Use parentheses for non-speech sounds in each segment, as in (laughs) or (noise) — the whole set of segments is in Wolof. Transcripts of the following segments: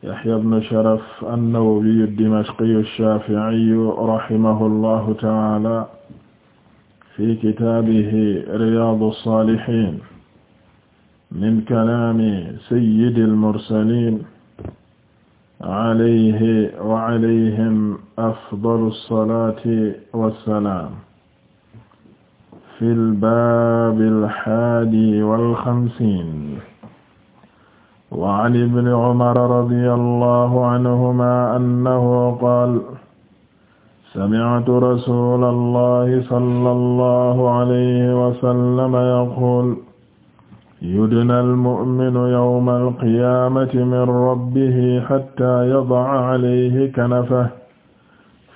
Yahya ibn Sharaf an-Nawawi ad-Dimashqi ash-Shafi'i rahimahu llahu ta'ala fi kitaabihi Riyaadu s-Saalihiin min kalaami sayyidi l-mursaliin alayhi wa alayhim afdalu s-salaati wa s-salaam fi l-baabi l-haadi wal-xamsiin وعن ابن عمر رضي الله عنهما أنه قال سمعت رسول الله صلى الله عليه وسلم يقول يدنى المؤمن يوم القيامة من ربه حتى يضع عليه كنفه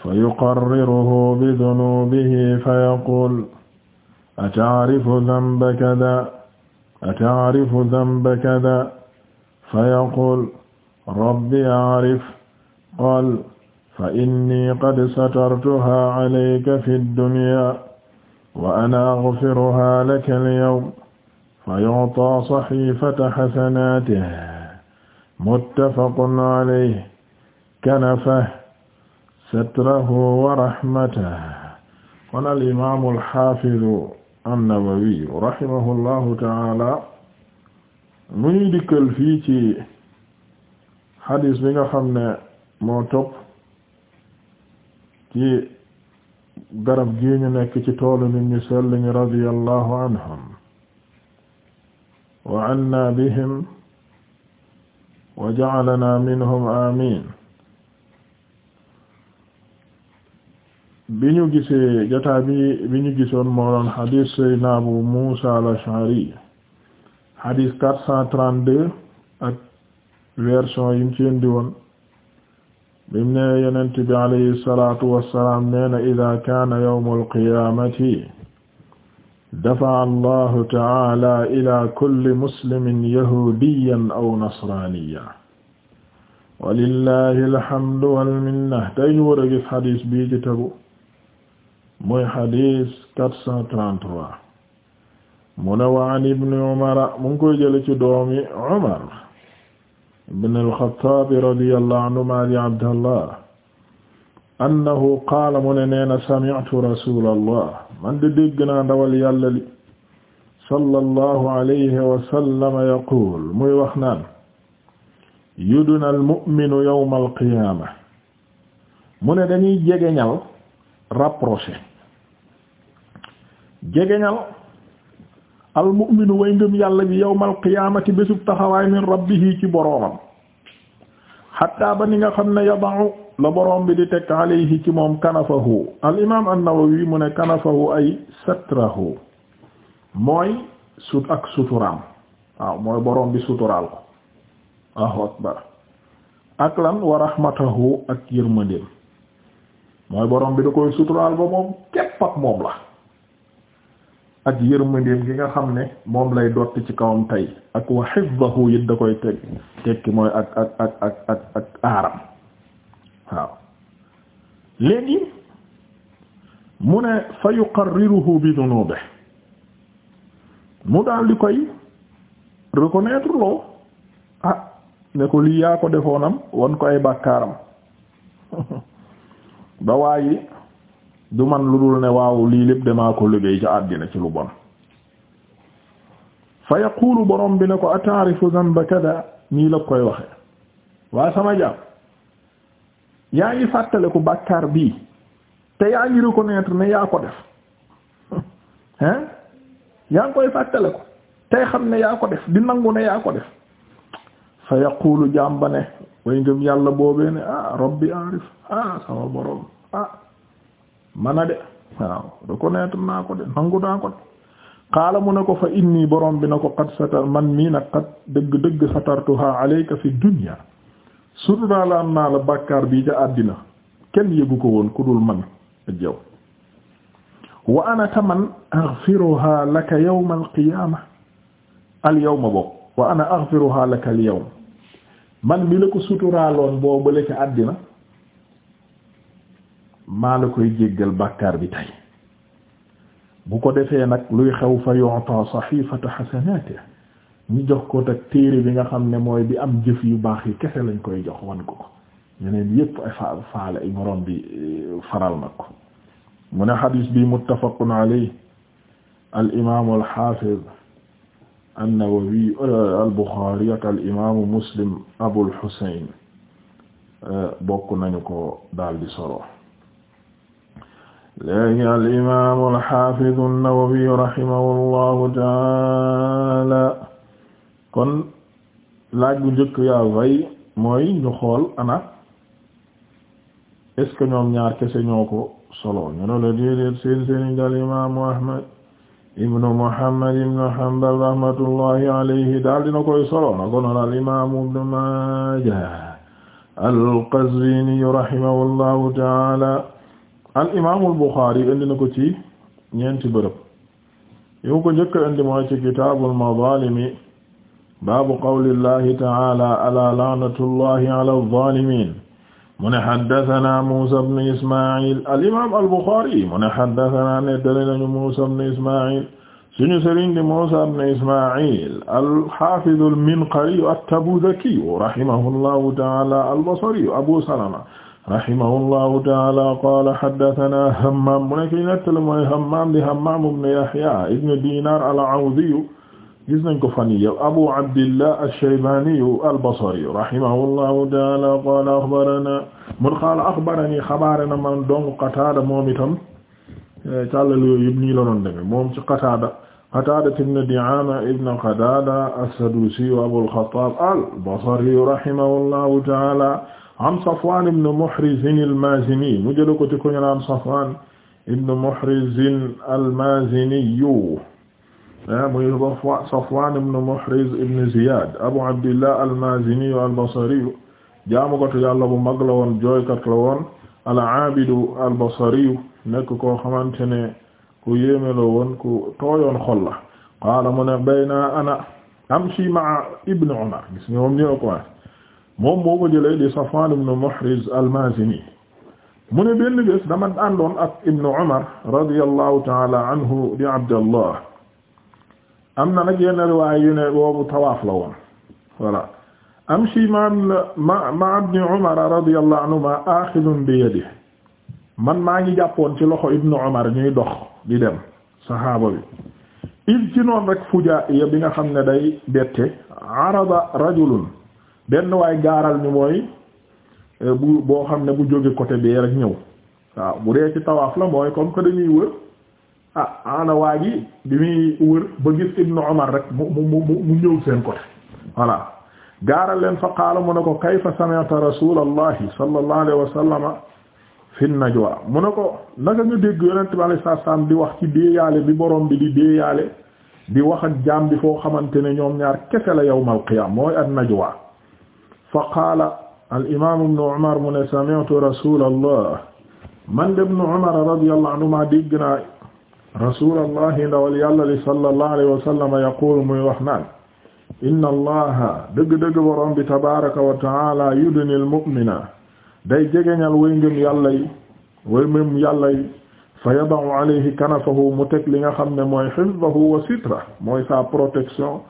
فيقرره بذنوبه فيقول أتعرف ذنب كذا أتعرف ذنب كذا fa yaqul rabbi arif qaal fa inni qad satartuha calayka fi dduniya wa ana agfiruha laka alyawm fa yuctaa saxiifata xasanaatih muttafaqun calayhi kanafahu satrahu wa raxmatahu qaala al imaamu alxaafidu annawawiyu raximahu llahu taala mu ñuy dikkal fii ci xadiis bi nga xam ne moo topp ci garab gi ñu nekk ci toolu nit ñu sell ñi radiyallahu anhum wa anna bihim wa ja'alana minhum amin bi ñu gisee jataa bi bi ñu gisoon moo doon xadiis sayyidina Abu Muusa al-Ash'ari hadis 432 ak version yim ci indi woon bim ne yonent bi alayhi salatu wassalam neena ida kaana yawmul qiyamati dafa'a allahu ta'ala ila kulli muslimin yahudiyan aw nasraniyan walillahi alhamdu wal minna tey ñu war a gis hadis bii ci tegu mooy hadis 433 mu ne wa an ibni umara mu ngi koy jële ci doomi umar ibn al-Khattab radiyallahu anhuma di abdallah annahu qaala mu ne nee na sami'tu rasulallah man de dégg naa ndawal yàlla li sallallahu alayhi wa sallam yaqul muy wax naan yudna al-mu'minu yawma al-qiyaama mu ne dañuy jegeñal rapproché jegeñal almu'minu way ngëm yàlla bi yawmal qiyaamati bésub taxawaay min rabbihi ci boroomam xatta ba ni nga xam ne yada'u la boroom bi di teg alayhi ci moom kanafahu al imaam an-Nawawi mu ne kanafahu ay satrahu mooy sut ak suturaam waaw mooy boroom bi suturaal ko waaw akbar ak lan wa rahmatahu ak yërmandeem mooy boroom bi da koy suturaal ba moom képp ak moom la ak yërmandeem gi nga xam ne moom lay dott ci kawam tay ak wa hifdahu it da koy teg tekki mooy ak ak ak ak aaram waaw léegi mu ne fa yuqarriruhu bi dunubihi mu daal di koy reconnaître loo ah ne ko lii yaa ko defoonam wan ko ay bàkkaaram (laughs) ba waayi du man lu dul ne waaw lii lépp damaa ko liggéey ci àddina ci lu bon fa yaqulu borom bi ne ko ataarifu zanba kada nii la koy waxe waa sama jàpp yaa ngi ku bàkkaar bii te yaa ngi reconnaître ne yaa ko def (laughs) hein yaa ngi koy fàttaliku tey xam ne yaa ko def di nangu ne yaa ko def fa yaqulu jàmba ne way ngëm yàlla boobee ne ah rabbi arif ah sama borom ah man a de waaw reconnaître naa ko de nangu naa ko de xaala ne ko fa inni borom bi na ko qad satar man mii nag qad dëgg dëgg satartuha alayka fi dunya suturaal naa la bàkkaar bii ca àddina kenn yëgu ko woon ku dul man ak yow wa ana taman aghfiruha laka yawma alqiyama al yawma boobu wa ana aghfiruha laka al yawm man mi la ko suturaaloon boo bële ca àddina maa la koy jéggal bàkkaar bi tey bu ko defee nag luy xew fa yu'ta saxiifata xasanaate ñu jox ko tak téere bi nga xam ne mooy bi am jëf yu baax yi kese lañ koy jox wan ko ko ñeneen yépp ay fa faale eh, na ko mu imaamu al xaafiz an ak al Muslim Abul Husayn eh, bokk nañu ko daldi di solo. léegi alimamu alxafidu an-Nawawi rahimahullahu kon laaj bu yaa way mooy ñu xool ana est ñoom ñaar kese ñoo ko solo ñu ne la déedéet seen seen dal imamu Muhammad ibnu Hanbal rahmatullahi alayhi daal dina koy solo na kono al imamu ibnu Maaja al al imaamul Buxaari indi na ko ci ñeenti bërëb yu ko njëkk indi mooy ci kitaabul mazaalimi baabu qawlillahi ta'aala alaa la'natullahi alaa zaalimiin mu ne haddasanaa Muusaa ibn Ismaa'iil al imaam al Buxaari mu ne haddasanaa nettali nañu Muusaa ibn Ismaa'iil suñu sëriñ di Muusaa ibn Ismaa'iil al haafiz al Minqari at-Tabuudhaki rahimahullahu ta'aala al Basri Abu Salama rahimahullahu taala qala haddathana hammam mu nekk nettale mooy hammam di hammam ibn yahya ibn dinar al-awdi gis nañ ko fan yi abu abdillah ash-shaybani al-basri rahimahullahu taala qala akhbarana mun qala akhbarani xabarana man dong qatada moom itam càllal yooyu yëpp nii la doon demee moom ci Qataada Qataada ibn Di'aama ibn Qadaada as-Saduusi Abul Xattaab al-Basri rahimahullahu ta'aala an Safwan ibn Muhriz al-Mazini mu jël ko ci ko ñu naan Safwan ibn Muhriz al-Mazini ah, muy Safwan ibn Muhriz ibn Ziyad Abu Abdillah al-Mazini al-Basri jaamukatu Yàlla bu mag la woon jooykat la woon al-aabidu al-Basri nekk koo xamante ne ku yéeme la woon ku tooyoon xol la qaala mu ne bayna ana amshi ma'a Ibn Umar gis nga moom ñëw ko moom moo ko jëlee di Safwan Muhriz al-Mazini mu ne benn bés dama àndoon ak ibnu Umar radiyallahu taala anhu di Abdallah am na nag yenn riwaay yu ne boobu tawaaf la woon voilà amshi ma ma ibni Umar radiyallahu anhuma axidun bi yadihi man maa ngi jàppoon ci loxo ibnu Umar ñuy dox di dem saxaaba bi il ci noon rek fujaa iya bi nga xam ne day bette arada rajulun benn waay gaaral ñu mooy euh, bu boo xam ne bu jóge côté bee rek ñëw waaw bu dee ci tawaaf la mooy comme que dañuy wër ah ana waa ji bi muy wër ba gis Ibnu Umar rek mu mu mu ñëw seen côté voilà gaaral leen fa qaala mu ne ko kayfa sami'ta rasulallahi sallallahu alayhi wa sallama fi najwa mu ne ko naka nga dégg yonent bi alayhi salaam di wax ci déeyaale bi borom bi di déeyaale di wax ak jaam bi foo xamante ne ñoom ñaar kese la yawmal qiyaam mooy ak najwa fa qaala al-imaam ibnu Umar mu ne sami'tu rasuulallah man de ibnu Umar radiyallahu anhumaa dégg naa rasuulallah ndawal yàlla li sallallahu alayhi wa sallam yaquulu muy wax naan inna allaha dëgg-dëgg borom bi tabaaraka wa ta'aala yudni al-mu'mina day jegeñal way ngëm yàlla yi way ngëm yàlla yi fa yada'u alayhi kanafahu mu teg li nga xam ne mooy hifdahu wa sitra mooy sa protection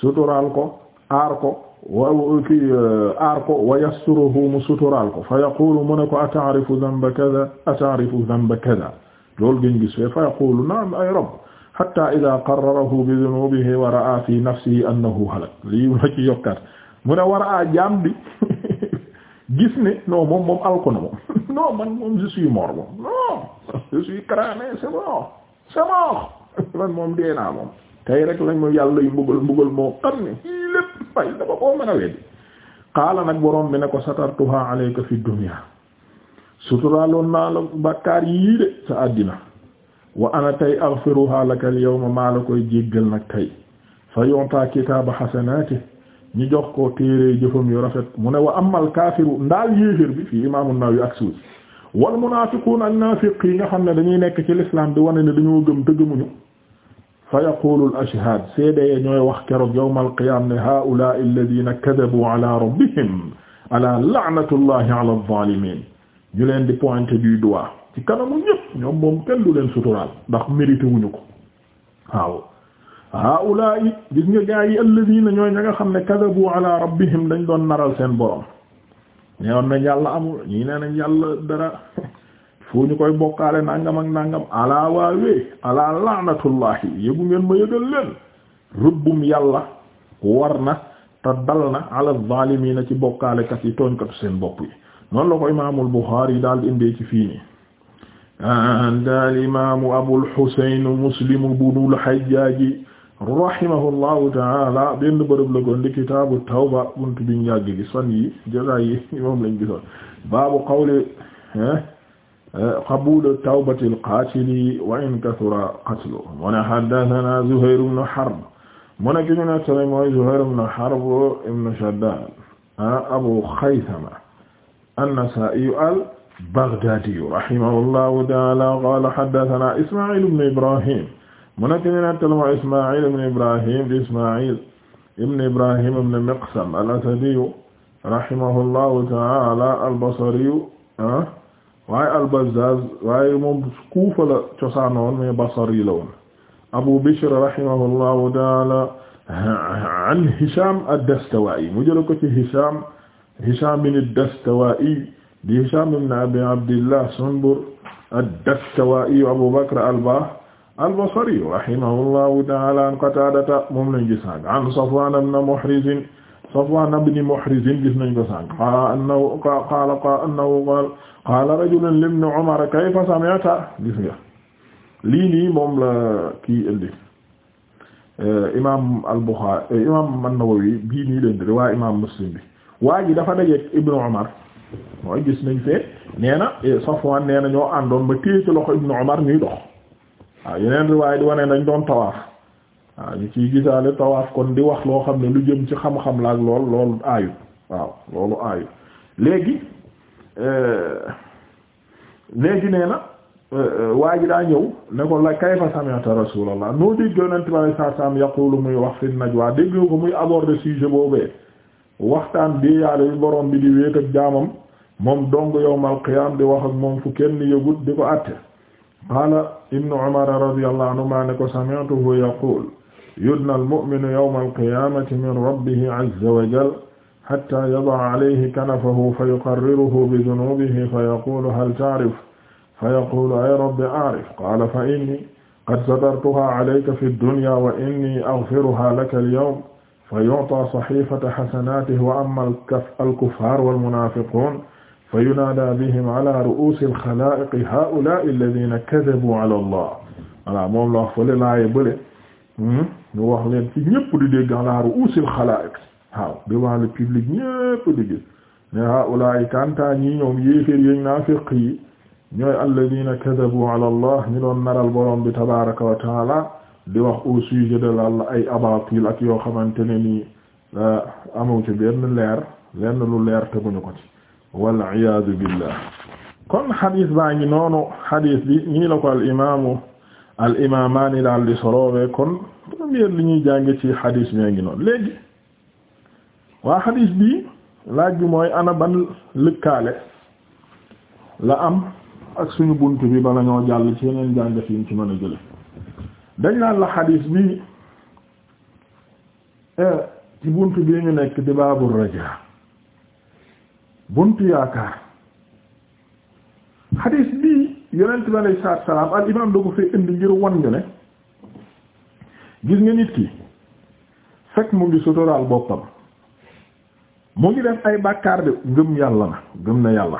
suturaal ko aar ko wa ki euh, aar ko wa yasturuhu mu suturaal ko fa yaqulu mu ne ko ataarifu dhanba kada ataarifu dhanba kada loolu ngeen gis fa yaqulu naam ay rabb hatta idha qarrarahu bi dhunubihi wa ra'a fi nafsihi annahu halak lii ma ci yokkaat mu ne war a jaam bi (laughs) gis moom moom alko na moom (laughs) non man moom je suis mort moom (laughs) non je suis cramé c'est mort c'est mort man moom rek lañ ma yàlla yu mbugal mbugal way dama koo mën a weddi qaala nag borom bi ne ko satartuha alayka fi dunya suturaaloon naa la bakkaar yii de sa àddina wa ana tay aghfiruha laka al yawma maa la koy jéggal nag tay fa yontaa kitaaba xasanaati ñu jox ko téere jëfam yu rafet mu ne wa amal kaafiru ndaal yéeféer bi fii imaamu Nawawi ak suuf wal munaafiquun ak naafiq yi nga xam ne dañuy nekk ci l'islam di wane ne dañoo gëm te gëmuñu fa yaqulu al ashhad seede ya ñooy wax keroog yawmal qiyaam ne haa'ulaa'i alladhiina kadhabu ala rabbihim ala la'natullahi ala adh-dhaalimiin ñu leen di pointer du doigt ci kanamu ñëpp ñoom moom kenn du leen suturaal ndax mérité wuñu ko waaw haa'ulaa'i gis nga gaa yi alladhiina ñooy ña nga xam ne kadhabu ala rabbihim dañ doon naral seen borom ñeewoon nañ yàlla amul ñii nee nañ yàlla dara (laughs) fu ñu koy bokkaale nangam ak nangam alaa waawee alaa laanatullahi yëgu ngeen ma yëgal leen rëbbum yàlla war na te dal na ala zaalimiina ci bokkaalekat yi seen bopp yi noonu la daal di indee ci fii nii daal imaamu Abul Husayn Muslim ibnul Hajjaaj rahimahullahu taala benn bërëb la goon di kitaabu tawba buntu bi njàgg gi yi baabu qawli qabulu tawbati alqaatili wa in kathura qatluhu mu ne haddathana Zuhayr ibn Harb mu ne ki ñu nettali mooy Zuhayr ibn Harb ibn Shaddad ah, Abu Khaythama an-Nasaa'i al-Baghdaadi rahimahullahu ta'aala qaala haddathana Isma'il ibn Ibrahim mu ne ki ñu nettali mooy Isma'il ibn Ibrahim di Isma'il ibn Ibrahim ibn Miqsam al-Asadi rahimahullahu ta'aala al-Basri ah, waaye al-Bazzaz waaye moom Kuufa la cosaanoo woon mais Basri la woon Abu Bishr rahimahullahu ta'ala an Hisham ad-Dastawa'i mu jël ko ci Hisham Hisham bin ad-Dastawa'i di Hisham ibn Abi Abdillah Sunbur ad-Dastawa'i Abu Bakr al-Basri rahimahullahu ta'ala an Qatadata moom lañ gis an Safwan ibn Muhriz Safwan ibn Muhriz gis nañ ko sànq qaala annahu qaala annahu qaala rajulun li ibn Umar kayfa sami'ta gis nga lii nii moom la kii indi eh, imaam al-Bukhari eh, imaam an-Nawawi bii nii leen di riwaa imaam Muslim bi waa ji dafa dajeeg Ibn Umar mooy gis nañ fee nee na eh, Safwan nee na ñoo àndoon ba téye ci loxo Ibn Umar ñuy dox waaw yeneen riwaay di wane dañ doon tawaaf. waaw ñu ciy gisaale tawaaf kon di wax loo xam ne lu jëm ci xam-xam la ak lool loolu aayut waaw loolu aayut léegi euh, léegi nee na euh, waa ji daa ñëw ne ko la kayfa sami'ta rasulallah noo dégg yonent bi sallallahu alayhi wasallam muy wax fi najwa déggoo ko muy aborder sujet boobee waxtaan bi yàlla bi borom bi di wéet ak jaamam moom dong yawmal qiyaam di wax ak moom fu kenn yëgut di ko àtte qaala ibnu umar radiyallahu anhu maa ne ko sami'tuhu yaqul yudna almu'minu yawma alqiyamati min rabbihi azza wa jal hatta yada'a alayhi kanafahu fa yuqarriruhu bi dunubihi fa yaqulu hal ta'rif fa yaqulu ay rabbi a'rif qala fa inni qad satartuha alayka fi dunya wa inni aghfiruha laka al-yawm fa yu'ta sahifata hasanatihi wa amma al-kuffar wal-munafiqun fa yunada bihim ala ru'usi al-khala'iqi ha'ula'i alladhina kadhabu ala Allah voilà moom la wax fële laay bële Hmm? ñu wax leen ci ñëpp di dégg ala ruusil xalaaiq waaw devant le public ñëpp di gis ne haulaay kanta ñi ñoom yéeféer yéñ naafiq yi ñooy alladina kadabu ala allah ñi doon naral borom bi tabaraka wa di wax au sujet de ay abatil ak yoo xamante ne ni euh, amu ci benn leer lenn lu leer teguñu ko ci wal iyaadu billah kon xadiis baa ngi noonu xadiis ñii la ko al imaamu al imaamaani daal di soloobee kon premier li ñuy jàng ci xadiis mee ngi noonu léegi waa xadiis bi laaj bi mooy ana ban lëkkaale la am ak suñu bunt bi bala ñoo jàll ci yeneen jàngat yi ci mën a jële dañ la xadiis bi eh, ci bunt bii ñu nekk di baabu rajaa buntu yaakaar xadiis bi yonent bi alayhi salaatu salaam al imaam da ko fee indi ngir wan ñu ne gis nga nit ki fekk mu ngi suturaal boppam mu ngi def ay bàkkaar de gëm yàlla na gëm na yàlla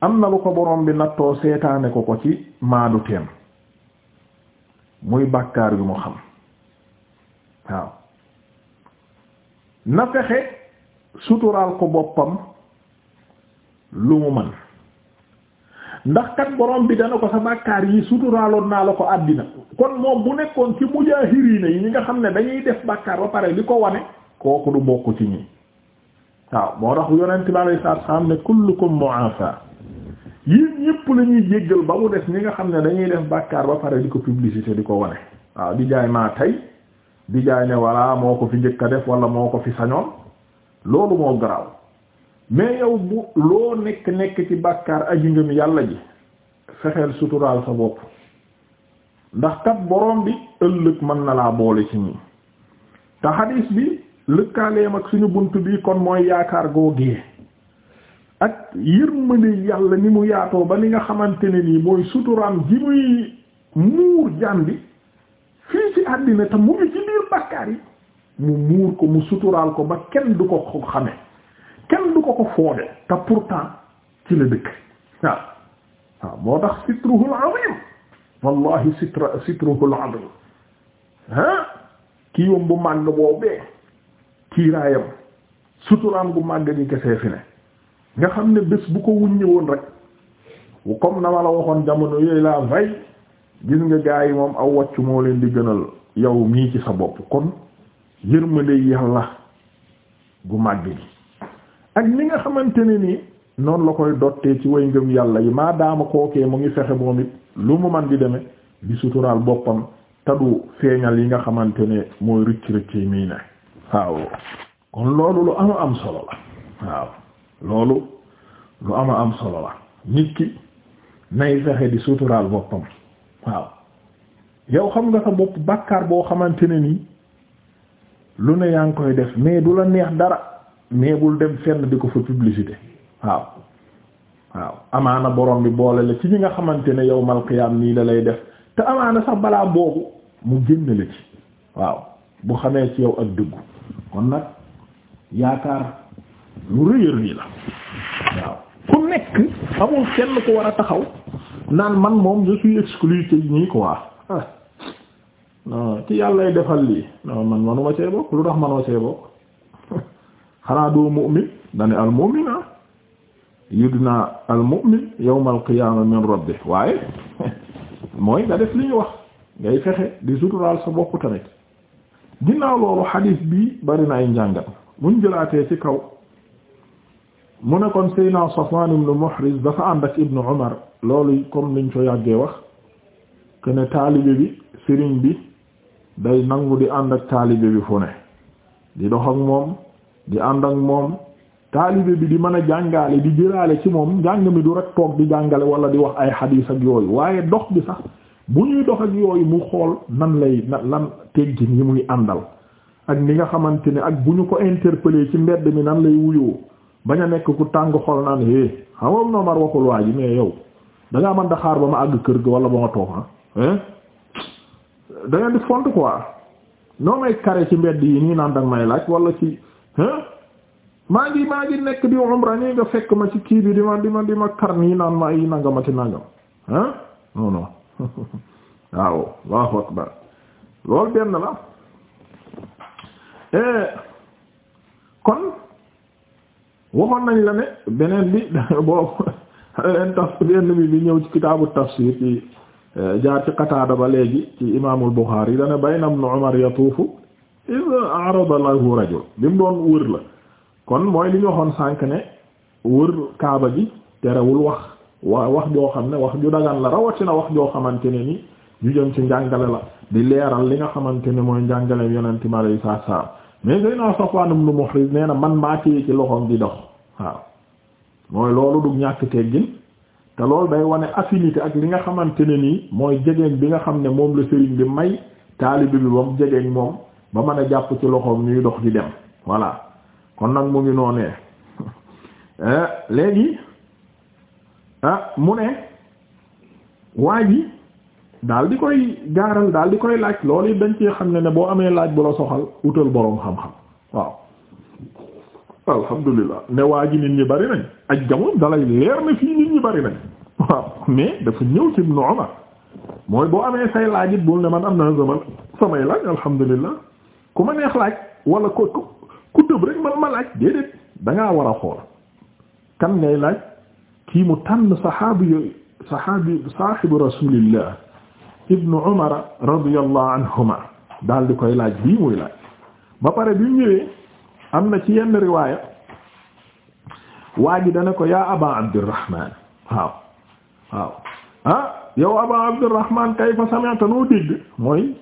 am na lu ko borom bi nattoo seetaane ko ko ci maadu teem muy bàkkaar yu mu xam waaw na fexe suturaal ko boppam lu mu mën ndax kat borom bi dana ko sa bàkkaar yi suturaaloon naa la ko àddina kon moom bu nekkoon ci mujaahiriina yi ñi nga xam ne dañuy def bàkkaar ba pare li ko wane kooku du bokk ci ñi waaw moo tax yonent bi alayhi salaatu salaam ne kullukum mu'afa yéen ñëpp la ñuy jéggal ba mu des ñi nga xam ne dañuy def bàkkaar ba pare di ko publicité di ko wane waaw di jaay maa tey di jaay ne walla moo ko fi njëkk a def wala moo ko fi sañoon loolu moo garaaw mais yow bu loo nekk nekk ci bàkkaar aju ngëm yàlla ji fexeel suturaal sa bopp ndax kat borom bi ëllëg mën na laa boole ci ñi te xadiis bi lëkkaaleem ak suñu bunt bi kon mooy yaakaar googee ak yërmande yàlla ni mu yaatoo ba li nga xamante ne nii mooy suturaam ji muy muur jaam bi fii ci àddina te mu ngi ci bàkkaar yi mu muur ko mu suturaal ko ba kenn du ko xame kenn du ko ko foode te pourtant ci la dëkk waaw waaw moo tax sitruhul azim wallahi sitra sitruhul azim kii wam bu màgg boobee kiiraayam suturaam bu màgg gi kesee fi ne nga xam ne bés bu ko wuññi woon rek comme na ma la waxoon jamono yooyu laa vay gis nga gaa yi moom aw wàcc moo leen di gënal yow mii ci sa bopp kon yërmande yàlla gu màgg gi ak ni nga xamante ne nii noonu la koy dottee ci way ngëm yàlla yi maa daama kookee mu ngi fexe moom it lu mu man di demee di suturaal boppam tadu feeñal yi nga xamante ne mooy rëcc rëcc yi mii ne waaw kon loolu lu ama am solo la waaw loolu lu ama am solo la nit ki nay fexe di suturaal boppam waaw yow xam nga sa bopp bàkkaar boo xamante ne nii lu ne yaa ngi koy def mais du la neex dara mais bul dem fenn di ko fa publicité waaw waaw amaana borom bi boole la ci ñi nga xamante ne yawmal qiyaam nii la lay def te amaana sax balaa boobu mu génn la ci waaw bu xamee ci yow ak dëggu kon nag yaakaar lu rëyër nii la waaw ku nekk amul kenn ku war a taxaw naan man moom je suis exclu te ñii quoi ah ci yàllay defal lii non man manuma see lu tax manuma see bokk xanaa doo mu'min dane al mu'min ah yudna al mu'min yawmal qiyaama min rabbih waaye (laughs) mooy nga def li ñu wax ngay fexe di suturaal sa bopp tamit ginnaaw loolu xadiis bi bari na ay njàngat buñ jëlaatee ci kaw mu ne kon Seydina Safwan ibn Muhriz dafa ànd ak Ibnu Umar loolu comme niñ ko yàggee wax que taalibe bi sëriñ bi day nangu di ànd ak taalibe bi fu ne di dox moom di ànd ak moom taalibe bi di mën a jàngaale di jëlaale ci moom njàng mi du rek toog di jàngale wala di wax ay xadiis ak yooyu waaye dox bi sax bu ñuy dox ak yooyu mu xool nan lay nan teggin yi muy àndal ak ni nga xamante ne ak bu ñu ko interpeller ci mbedd mi nan lay wuyoo bañ a nekk ku tàng xol naan é xamam nomar waxul waa ji mais yow da ngaa mën xaar ba ma àgg kër gi wala ba ma toog ah da ngeen di font quoi noo may kare ci mbedd yi nii naan danga may laaj wala ci maa ngi maa ngi nekk di umra nii nga fekk ma ci kii bi di ma di ma di ma kar nii naan ma ay nangama ci nangam ah non non (laughs) waaw Allahu akbar loolu benn la eh, kon waxoon nañ la ne beneen bi (laughs) boobu (laughs) beneen taf benn bi bi ñëw ci kitaabu tafsir ci eh, jaar ci Qataada ba léegi ci imaamul Buxaari dana bayna Ibnu Umar yatuufu iza eh, arada lahu rajul bi doon wër la kon mooy li ñu waxoon sànq ne wër kaaba gi terewul wax wa wax joo xam ne wax ju dagan la rawatina wax joo xamante ne ni ju jëm ci njàngale la di leeral li nga xamante ne mooy njàngale yonente mi alayi saatu mais say naa Safwan na man maa téye ci loxoom di dox waaw mooy loolu du ñàkk teggin te loolu day wane affinité ak li nga xamante ne nii mooy jegeeñ bi nga xam ne moom la sëriñ bi may taalibe bi ba mu jegeeñ moom ba mën a jàpp ci loxoom ñuy dox di dem voilà kon nag mu ngi noonee (laughs) eh, léegi ah mu ne waa ji daal di koy gaaral daal di koy laaj loolu yi dañ ci xam ne ne boo amee laaj bu la soxal utal boroom xam-xam waaw alhamdulillah ne waa ji nit ñi bari nañ ak jamono dalay leer na fii nit ñi bari nañ (laughs) waaw mais dafa ñëw ci Ibnu Umar mooy boo amee say laaj it bul ne man am na sama samay laaj alhamdulillah ku ma neex laaj wala ko ku tëb rek man ma laaj déedéet da ngaa war a xool kan ngay laaj kii mu tànn saxaabi saxaabi saahibu rasulillah ibnu umar radiyallahu anhuma daal di koy laaj bii muy laaj ba pare bi ñëwee am na ci yenn riwaaya waa ji dana ko yaa aba abdirahman waaw waaw ah yow aba abdirahman kayfa sami'ta noo dégg mooy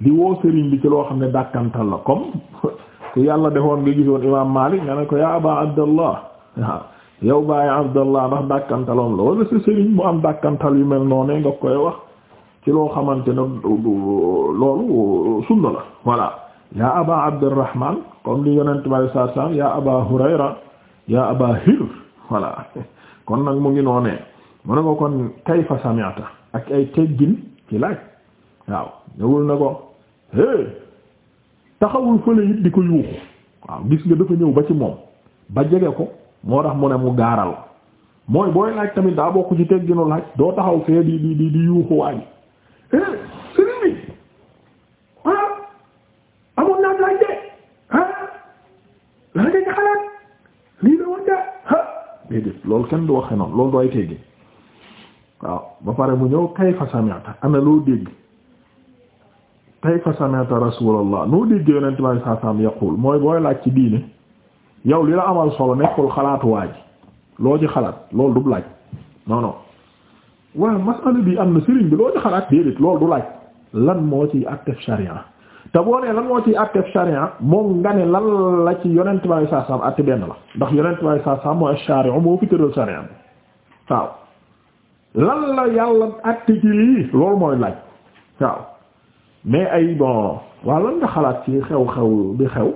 di woo sëriñ bi ci loo xam ne dàkkantal la comme (laughs) ku yàlla defoon nga gisoon imaam Maalik nga ne ko ya aba abdallah waaw yow bàyyi abdallah ndax dàkkantaloom la wala sa sëriñ mu am dàkkantal yu mel noonu nga koy wax ci loo xamante ne loolu sunna la voilà ya aba abdurrahman comme li yonent bi sallallahu alayhi wasallam ya aba hurayra ya aba hir voilà (laughs) kon nag mu ngi noonee mu ne ko kon kayfa sami'ta ak ay teggin ci laaj waaw ñëwul na ko hé taxawul fële it di ko yuuxu waaw gis nga dafa ñëw ba ci moom ba jege ko moo tax mu ne mu gaaral mooy booy laaj tamit daa bokk ci tegginu laaj doo taxaw fee di di di di yuuxu waaji hé sëriñ ah, ah, lii la wante ah déedéet loolu kenn du waxe noonu loolu dooy teggi waaw ba pare mu ñëw kay fa sami'ta ana loo dégg kayfa sami'ta rasulallah noo déggee yonent bi saa saam mooy booy laaj ci diine yow li la amal solo nekkul xalaatu waa ji loo ci xalaat lool du laaj non non waaw bi am na sëriñ bi loo ci xalaat déedéet loolu du laaj lan moo ciy attef sharia te boo nee lan moo ciy attef sharia moom nga ne lan la ci yonent bi saa saam atte benn la ndax yonent bi saa saam mooy shari'u moo fi tëral sharia bi waaw lan la yàlla atte ci lii mooy laaj mais ay bon waaw lan nga xalaat ci xew-xew bi xew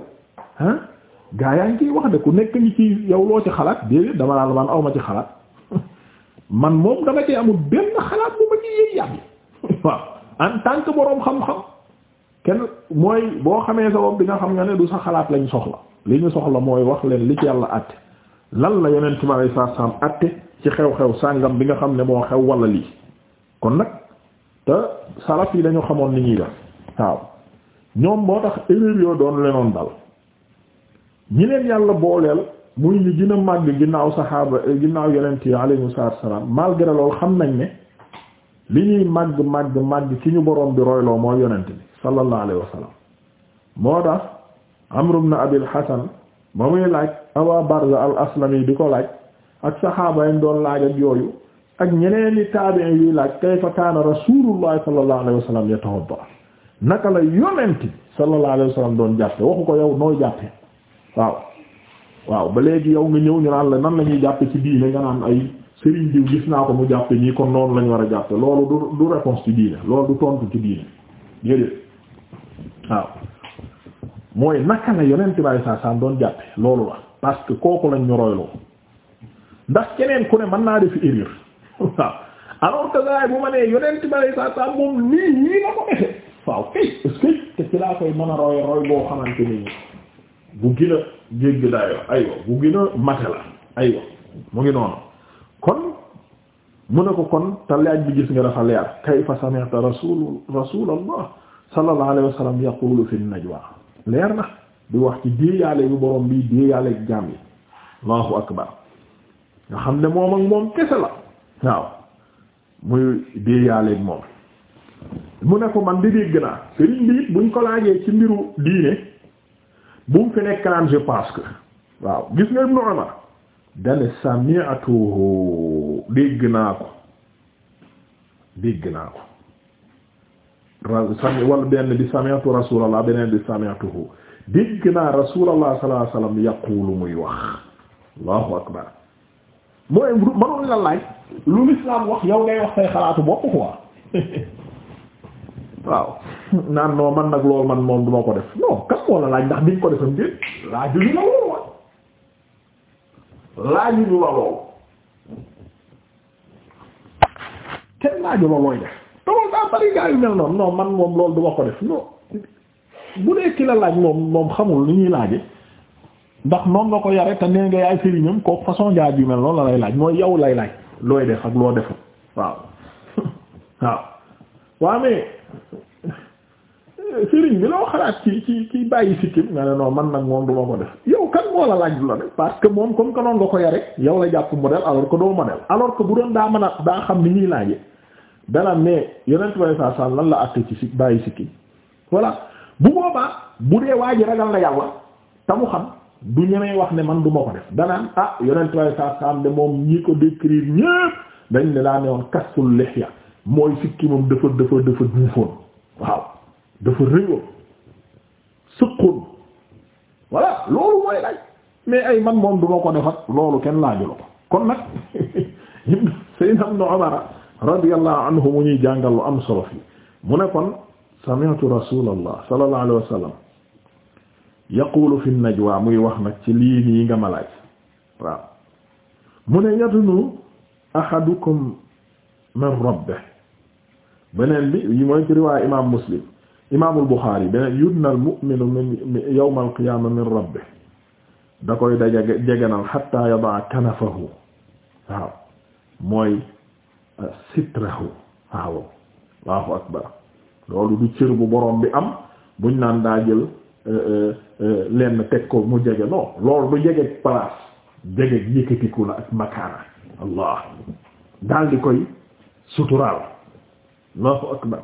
ah gaa yaa ngi ciy wax de ku nekk ngi ci yow loo ci xalaat déedéet dama naan man aw ma ci xalaat (laughs) man moom dama ci amul benn xalaat bu ma ci yëg yàgg (laughs) waaw en tant que boroom xam-xam kenn mooy boo xamee sa bopp bi nga xam nga ne du sa xalaat lañu soxla li ñu soxla mooy wax leen li ci yàlla àtte lan la yeneen ci ma lay saa saam àtte ci xew-xew sàngam bi nga xam ne moo xew wala lii kon nag. te salaf yi dañu xamoon ni ñuy def waaw ñoom moo tax erreur yoo doon lenoon dal ñi leen yàlla booleel muy ñu gën a màgg ginnaaw saxaaba ginnaaw yonent yi alayhimu salaam malgré loolu xam nañ ne li ñuy màgg màgg màgg ci ñu borom bi royloo mooy yonent bi sallallahu alayhi wa moo tax Amr ibn Abil Hasan ba muy laaj Aba Barza al-Aslami di ko laaj ak saxaaba yi doon laaj yooyu. ak ñeneen ñi taabi'i yi laaj kayfa kaana rasulullah sallallahu alayhi wa naka la yonenti sallallahu alayhi wa doon jàppe waxu ko yow nooy jàppe waaw waaw ba léegi yow nga ñëw ñu naan la nan la ñuy jàppe ci diine nga naan ay sëriñ diw gis naa ko mu jàppe ñii kon noonu lañu war a jàppe loolu du du réponse ci diine loolu du tontu ci diine déedéet waaw mooy naka la yonenti baay saa saa doon jàppe loolu la parce que kooku lañ ñu royloo ndax keneen ku ne mën naa def erreur waaw alors que gars bu ma nee yonent ba saa saa moom nii nii la ko defee waaw kay est te ci laa koy mën a roy roy boo xamante ni bu gën a jégg dayoo aywa bu gën mate la aywa mu ngi noonu kon mu ne ko kon te bi gis nga dafa leer kayfa sami'ta rasul rasulallah sallallahu alayhi wa sallam yaqulu fi najwa leer na di wax ci déeyaale bi borom bi déeyaale jaam yi allahu akbar nga xam ne moom ak moom kese la waaw muy déeyaaleeg moom mu ne ko man di dégg naa sëriñ bi buñ ko laajee ci mbiru diine bu mu fi nekk naan je pense que waaw gis nga Ibnu Umar dane sami'atuhu dégg naa ko dégg naa ko sami wala benn bi sami'tu rasulallah beneen bi sami'tuhu dégg naa rasulallah sallallahu alayhi muy wax allahu akbar mooy mënoon la laaj lu l'islam wax yow ngay wax say xalaatu bopp quoi (laughs) waaw naan non man nag loolu man moom duma ko def non kan moo la laaj ndax diñ ko defam dé laaju loolu wa laaju ñu la laaju la looy def te loolu daa bari gaa yu mel noonu non man moom loolu duma ko def non bu dee la laaj moom moom xamul ni ñuy laaje ndax noonu nga ko yare te nee nga yaay sëriñam kooku façon njaaj yu mel loolu la lay laaj mooy yaw lay laaj looy def ak loo deful waaw (laughs) waaw waa mais (laughs) sëriñ bi loo xalaat ci ci ci bàyyi sikkim nga ne non man nag moom du ko def yow kan moo la laaj du la def parce que moom comme que noonu nga ko yare yow la jàpp modèle alors que doo modèle alors que bu doon daa mën a daa xam ni ñuy laaje dana ne yeneen way sa san lan la atte ci si bàyyi sikkim voilà bu boobaa bu waa ji ragal na yàlla te xam du ñemee wax ne man du ma ko def danaan ah yonent way sa moom ñi ko décrire ñépp dañ ne daa ne woon kastul lihya mooy sikki moom dafa dafa dafa duufoon waaw dafa rëyoon sëqoon voilà loolu mooy laaj mais ay man moom du ko defat loolu kenn laaju la ko kon nag (laughs) sayyidna ibn Umar radiyallahu anhu mu ñuy jàngal lu am solo fii mu ne kon sami'tu rasulallah sallallahu alayhi wa yaqulu fi najwa muy wax nag ci lii nii nga ma laaj waaw mu ne yadunu ahadukum min rabbih beneen bi yi mooy ci riwaaya imam muslim imaamul buxaari beneen yudna al mu'minu min yawm al min rabbih da koy daja jeganal hatta yadaa kanafahu waaw mooy euh, sitrahu waaw allahu akbar loolu du cër bu borom bi am buñ naan daa jël Euh, euh, euh, lenn teg ko mu jege non loolu du jege place jege yëkkatiku la ak makaana allah daal koy suturaal allahu akbar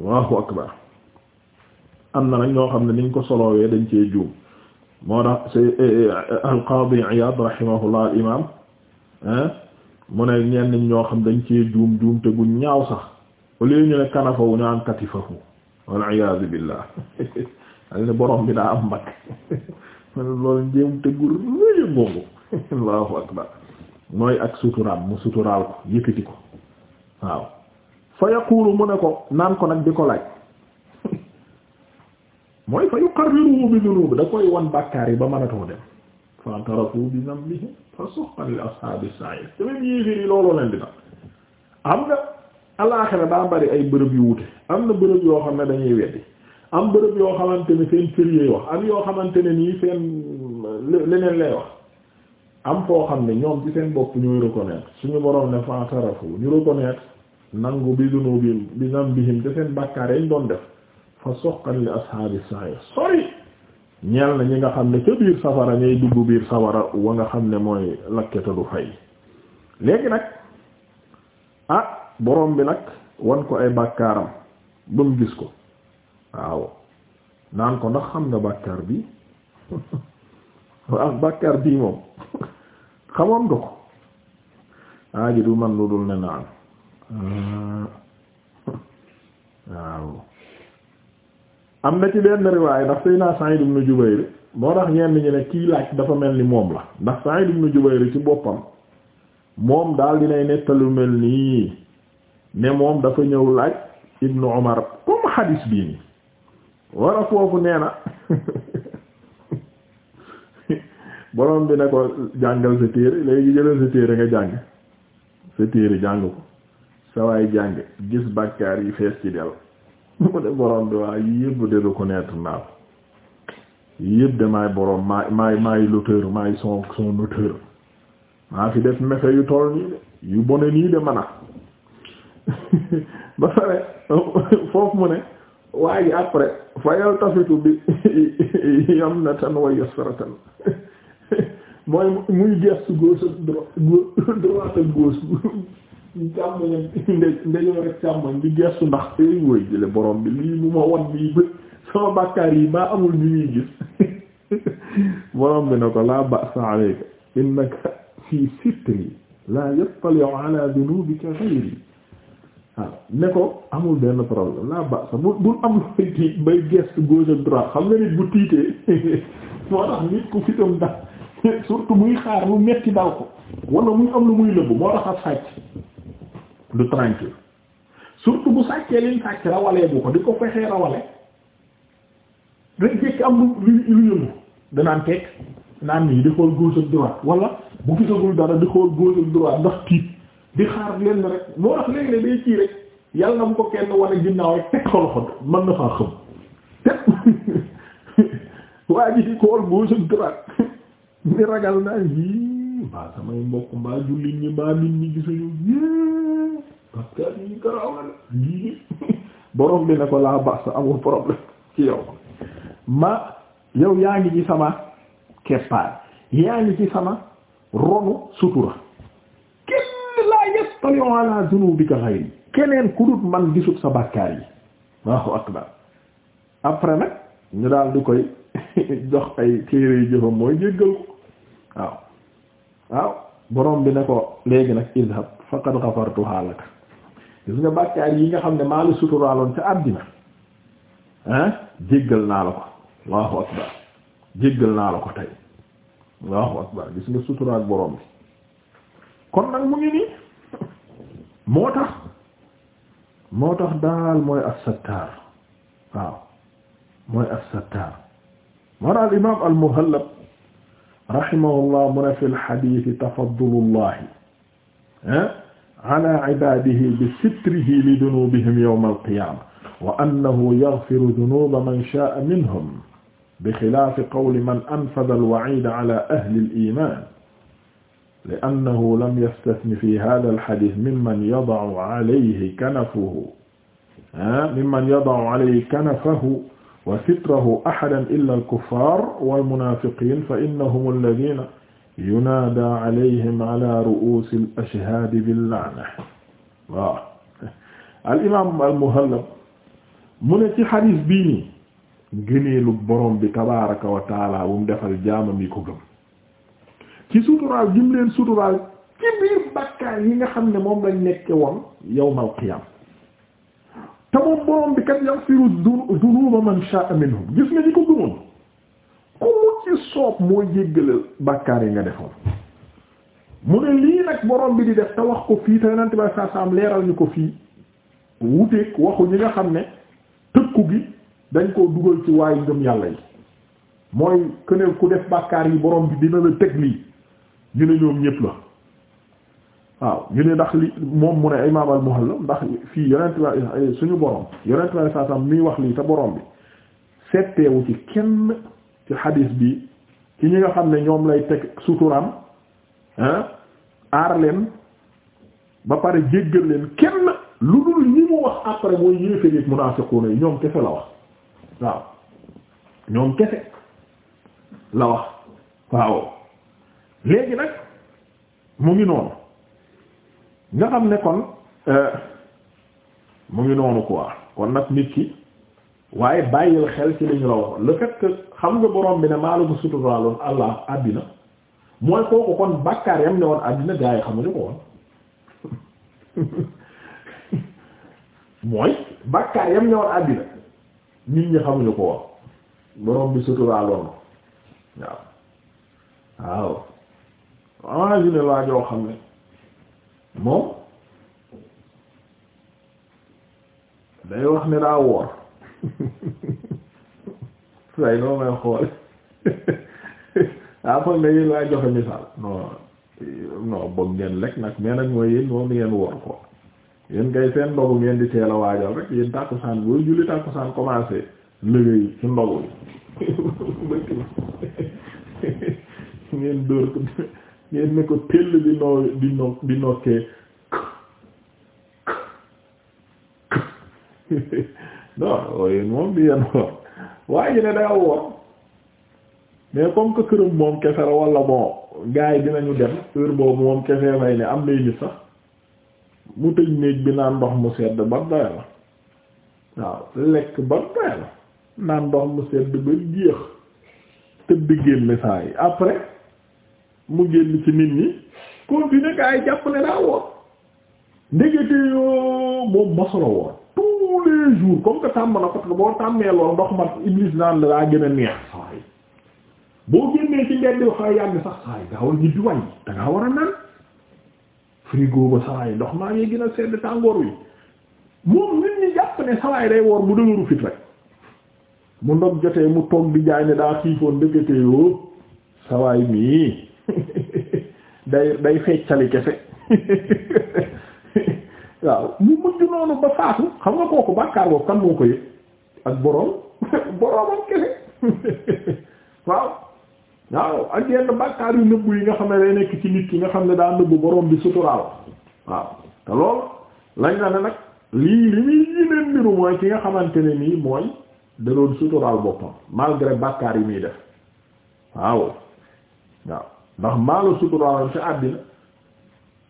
allahu akbar am na nag ñoo xam ne niñ ko solowee dañ cee juum moo tax c'est eh, eh, eh, al qadi Iyad rahimahullah al mu ne ñenn ñoo xam dañ cee juum juum te gu ñaaw sax au ñu ne kanafawu ñu naan katifahu wal iyaazu billah (laughs) al ne borom bi daa am mbagg (laughs) loolu njéem tëggul réya ngoogu (laughs) allahu akbar mooy ak suturaam mu suturaal ko yëkkati ko waaw fa yaqulu mu ne ko naan ko nag di ko laaj (laughs) mooy fa yuqarriru bi dhunub da koy wan bàkkaar yi ba mënatoo dem fa tarafu bi dhanbihi fa suqan li ashaabi sa'ir te même yéeféer yi looloo leen di am nga alaaxira daa bari ay bërëb yu wute am na bërëb yoo xam ne dañuy weddi am bërëb yoo xamante ni seen cër yooyu wax am yoo xamante ne nii seen leneen lay wax am foo xam ne ñoom ci seen bopp ñooy reconnaître suñu boroom ne fa tarafu ñu reconnaître nangu bi dunu bi bi zambihim te seen bàkkaar yañ doon def fa soqan li ashaabi sa'ir sori ñeel na ñi nga xam ne ca biir safara ñay dugg biir safara wa nga xam ne mooy lakketa du fay léegi nag ah boroom bi nag wan ko ay bàkkaaram ba gis ko waaw naan ko ndax xam nga bàkkaar bi waaw bàkkaar bii moom xamoon nga ko aaji du man lu dul ne naan waaw am na ci benn riwaay ndax Seydina Sa'id ibn Jubayr moo tax ñenn ñi ne kii laaj dafa mel ni moom la ndax Sa'id ibn Jubayr ci boppam moom daal dinay nettalu mel nii ne moom dafa ñëw laaj Ibn Umar comme hadis bii nii wala foofu nee na borom bi ne ko jàngal sa téere léegi jëlal sa téere nga jàng sa téere jàng ko sa waay jàng gis bàkkaar yi fees ci del mu ne borom bi waaye yëpp de reconnaître naa yëpp de maay borom maay maay maay l'auteur son son maa fi def mefe yu toll nii de yu bone nii de mana (laughs) ba pare foofu mu ne waaye après fa yaltafitu bi (laughs) yamnatan wa yusratan (laughs) mooy muy gestu gauche droite gauche (laughs) càmmoñ ndeyoor rek càmmoñ di gestu ndax eey woy jële borom bi mu ma won bii bët sama bàkkaar yi maa amul ñu gis borom bi ne ko laa ba'sa alayka innaka fii sitri laa yattali'u ala dhunubika ghayri waaw ne ko amul benn problème la ba sa bu bul am looy tiit bay geste gauche ak xam nga nit bu tiitee (laughs) moo tax nit ku fitam da (laughs) surtout muy xaar lu metti dal ko wala muy am lu muy lëbb moo tax a sàcc du tranquille surtout bu sàccee liñ sàcc rawalee bu ko di ko fexee rawale rek jëkk am lu lu yëngu danaan teg naan nii di xool gauche ak droite wala bu gisagul dara di xool gauche ak ndax tiit di xaar lenn rek moo tax léegi ne day kii rek yàlla na bu ko kenn walla ginnaaw rek teg ko loxo na faa xam teg waa ji kool parce que yi ci yow yaa ngi ci sama keppaar ngi ci sutura talion ala zunubika ghayri keneen ku dut man gisut sa bàkkaar yi waaw akbar après nag ñu daal du koy (laughs) jox ay téere yu jëfam mooy jéggal ko waaw waaw borom bi ne ko léegi nag idhab faqad ghafartuha laka gis nga bàkkaar yi nga xam ne maa la suturaaloon ca àddina ah jéggal naa la ko allahu akbar jéggal naa la ko tey allahu akbar gis nga suturaal borom bi kon nag mu ngi nii moo tax moo tax daal mooy as-Sattar waaw mooy as-Sattar moo daal imaam al-Muhallab rahimahullah mu ne fi al-hadiith tafaddulullahi ah, ala ibaadihi bi-sitrihi li dunuubihim yawma al-qiyaama wa annahu yaghfiru dunuuba man shaa'a minhum bi xilaafi qawli man anfadha al-wa'iida ala ahli al-iimaan لأنه لم يستثن في هذا الحديث ممن يضع عليه كنفه ممن يضع عليه كنفه وستره أحدا إلا الكفار والمنافقين فإنهم الذين ينادى عليهم على رؤوس الأشهاد باللعنة waaw al-imaam al-Muhallab mu ne ci xadis bii nii gëneelu borom bi tabaaraka wa taala bu mu defal jaamam yi ko gëm ci suturaal gi leen suturaal ci biir bakkaar yi nga xam ne moom lañ nekke woon yawmal qiyam te moom borom bi kat yaghfiru dunuba man sha'a minhum gis nga ñi ko gëmoon ku mu ci soob mooy jéggale bakkaar yi nga defoon mu ne lii nag borom bi di def te wax ko fii te yonent ba saa saam leeral ñu ko fii wuteek waxu ñi nga xam ne tëkku bi dañ koo dugal ci waayu ngëm yàlla yi mooy këneel ku def bàkkaar yi borom bi dina la teg lii ñu ne ñoom ñëpp la waaw ñu ne ndax li moom mu ne imaam al-Muhalla ndax fii yonent bi suñu borom yonent bi saa saam miy wax lii te borom bi setteewu ci kenn ci xadiis bi ci ñi nga xam ne ñoom lay teg suturaam aar leen ba pare jéggal leen kenn lu dul ñi mu wax après mooy yéeféegeek munaafiquuna yi ñoom kese la wax waaw ñoom kese la wax waaw léegi nag mu ngi noonu nga xam ne kon euh, mu ngi noonu quoi kon nag nit ki waaye bàyyil xel ci li la wax le fait xam nga borom bi ne maa la ko suturaaloon allah àddina mooy kooku kon bàkkaar yam ne woon àddina gaa yi xamuñu ko woon (laughs) mooy bàkkaar yam ne woon àddina nit ñi xamuñu ko woon borom bi suturaaloon waaw waaw imagine laa joo xam ne moom day wax ne daa woor (laughs) say noo may xool (laughs) daa foog ne laa joxe misaal non non bëgg ngeen lekk nag mais nag mooy yéen moom ngeen woor ko yéen kay seen ndogu ngeen di teel a waajal rek yéen tàkkusaan boo julli tàkkusaan commencé liggéey ci ndogu bi (laughs) ngeen dóor ko ngeen ne ko tell di noo di no di nokkee (laughs) non wooyu moom di yan woor waaye ne daa woor mais comme que këram moom kese la wala bon gars dinañu dem heure boobu moom kese may ne am nay nit sax mu tëj néeg bi naan ndox mu sedd ba doya waaw lekk ba doya la naan ndox mu sedd ba jeex tëdd génn saa yi après mu génn ci nit ñi continuer gaa yi jàpp ne daa woor ndekete yoo moom masolo woor tous les jours comme que tàmm na parce que boo tàmmee lool ndox ma Iblis naan daa gën a neex saay boo génnee ci ngeen di wax yàgg sax saay gaawal ñibbi wañ da war a naan frigo ba saay ndox maa ngi gën a sedd tàngoor wi moom nit ñi jàpp ne saay day woor bu dëgëru fit rek mu ndog jotee mu toog di jaay ne daa xiifoon ndekete yoo sawaay mii (laughs) day day feccali kese (laughs) waaw mu mujj noonu ba faatu xam nga kooku bàkkaar boobu kan ko yëg ak boroom (laughs) boroomam kese waaw waaw ak yenn bàkkaar yu nëbbu yi nga xam ne day nekk ci nit ki nga xam ne daa nëbbu boroom bi suturaal waaw te loolu lañ la ne nag lii li muy yineen mooy ki nga xamante ne nii mooy da doon suturaal boppam malgré bàkkaar yi muy def waaw waaw ndax maa la suturaaloon ci àddina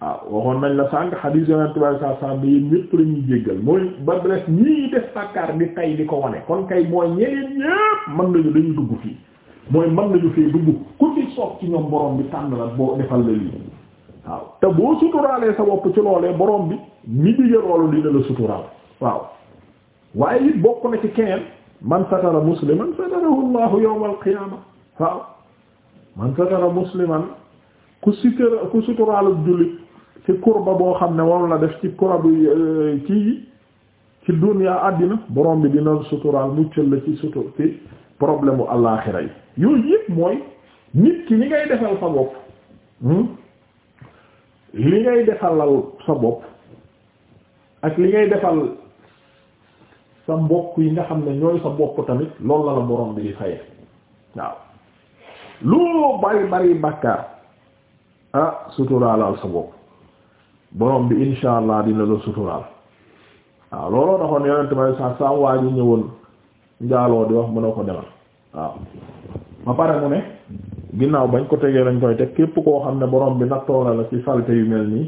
ah waxoon nañ la sànq xadiis yonent bi saa saa bi yéen ñépp la ñuy jéggal mooy ba def ñii def bàkkaar di tay di ko wane kon kay mooy ñeneen ñépp mën nañu dañu dugg fii mooy mën nañu fee dugg ku ci soog ci ñoom borom bi tànn la boo defal la lii waaw te boo suturaalee sa bopp ci loolee borom bi mi diggee loolu dina la suturaal waaw waaye it bokk na ci keneen man satara musliman satarahu Allahu yawmal qiyaama waaw. man satara musliman ku sitar ku suturaalub jullit ci kurba boo xam ne moom la def ci kurab euh, ci ci dunya àddina borom bi dina suturaal muccal la ci sutur ci problème u àllaaxira yi yooyu yëpp mooy nit ki li ngay defal sa bopp hmm? li ngay defalal sa bopp ak li ngay defal sa mbokk yi nga xam ne ñooy sa bopp tamit loolu la la borom bi di faye waaw lu bari bari bakkaar ah suturaalal sa bopp borom bi insha allah dina la suturaal waaw looloo taxoon yonent may sax saa waa ji ñëwoon njaaloo di wax mën a ko demal waaw ba pare mu ne ginnaaw bañ ko tegee lañ koy teg képp koo xam ne borom bi nattoo la la ci salte yu mel nii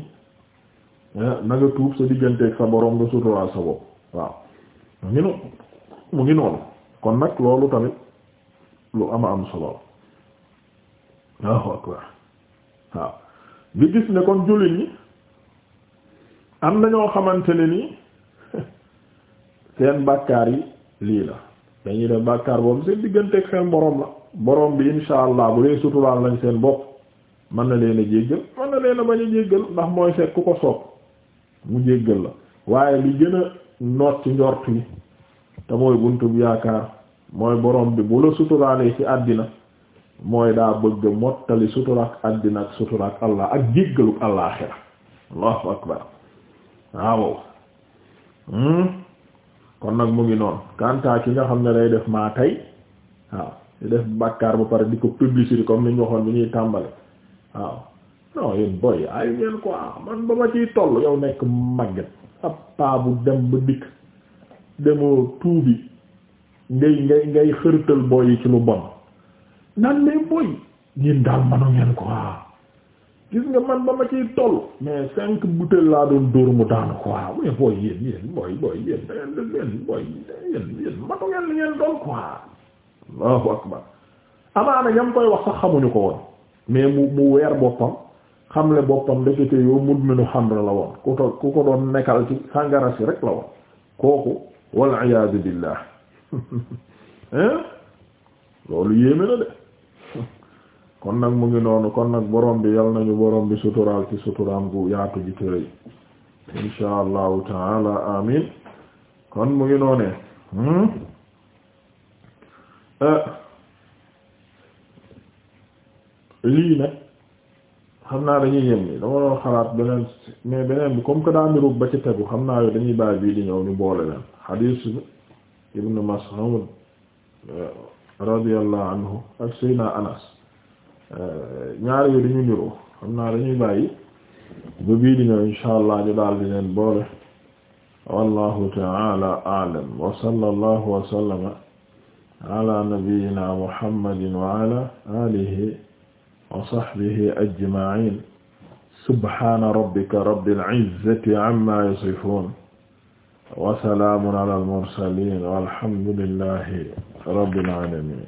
eh, na nga tuub sa digganteeg sa borom nga suturaal sa bopp waaw mu ngi noonu mu ngi noonu kon nag loolu tamit lu ama am solo waaw akbar waaw nga gis ne kon jullit ñi am na ñoo xamante ne ni (laughs) seen bàkkaar yi lii la dañuy def bàkkaar boobu seen digganteeg seen borom la borom bi insha allah bu dee suturaal lañ seen bopp mën na leen a jéggal mën na leen a jéggal ndax mooy seet ku ko soob mu jéggal la waaye li gën a noot ci njort yi te mooy buntu bu yaakaar mooy boroom bi bu la suturaalee ci àddina mooy daa bëgg mottali suturaak àddina ak suturaak allah ak jéggaluk allaaxira allahu akbar waaw hmm? kon nag mu ngi noon kantaa ki nga xam ne day def maa tey waaw di def bàkkaar ba pare di ko publicité comme niñ waxoon bi ñuy tàmbali waaw non yéen boy ay ko quoi man ba ma ciy toll yow nekk magget ab bu dem ba dikk demoo tuubi ngay ngay ngay xërtal boy yi ci lu bon nan mais boy ñun daal manu ngeen ko waaw gis nga man ba ma ciy toll mais cinq bouteilles laa doon dóor mu daanu ko waaw mais booy yéen yéen booy booy yéen yéen yéen booy yéen yéen manu ngeen li doon ko waaw Allahu akbar amaana ñam koy wax sax xamuñu ko woon mais mu mu weer boppam xamle boppam ndekete yoo mud minu xamra la woon ku ko ku ko doon nekkal ci sàngara si rek la woon kooku wal iyaadu billah (laughs) loolu yéeme na de kon nag mu ngi noonu kon nag boroom bi yal nañu borom bi suturaal ci suturaam gu yaatu ji tërëy insha allahu taala amin kon mu ngi noonee hmm? eh. lii nag xam naa dañuy yem ni dama doon xalaat beneen mais beneen bi comme que daa nirub ba ci tegu xam naa yooyu dañuy bàyyi bii di ñëw ñu boole leen xadiis ibnu Mas'ud eh, radiyallahu anhu ak Seydina Anas Euh, ñaar yooyu dañu niroo xam naa dañuy bàyyi ba bii di ñëw insha allah ñu daal di leen boole wallahu ta'ala a'lam wa sallallahu wa sallama ala nabiyyina muhammadin wa ala alihi wa sahbihi ajma'in subhana rabbika rabbil izzati amma yasifun wa salamun ala al mursalin walhamdulillahi rabbil alamin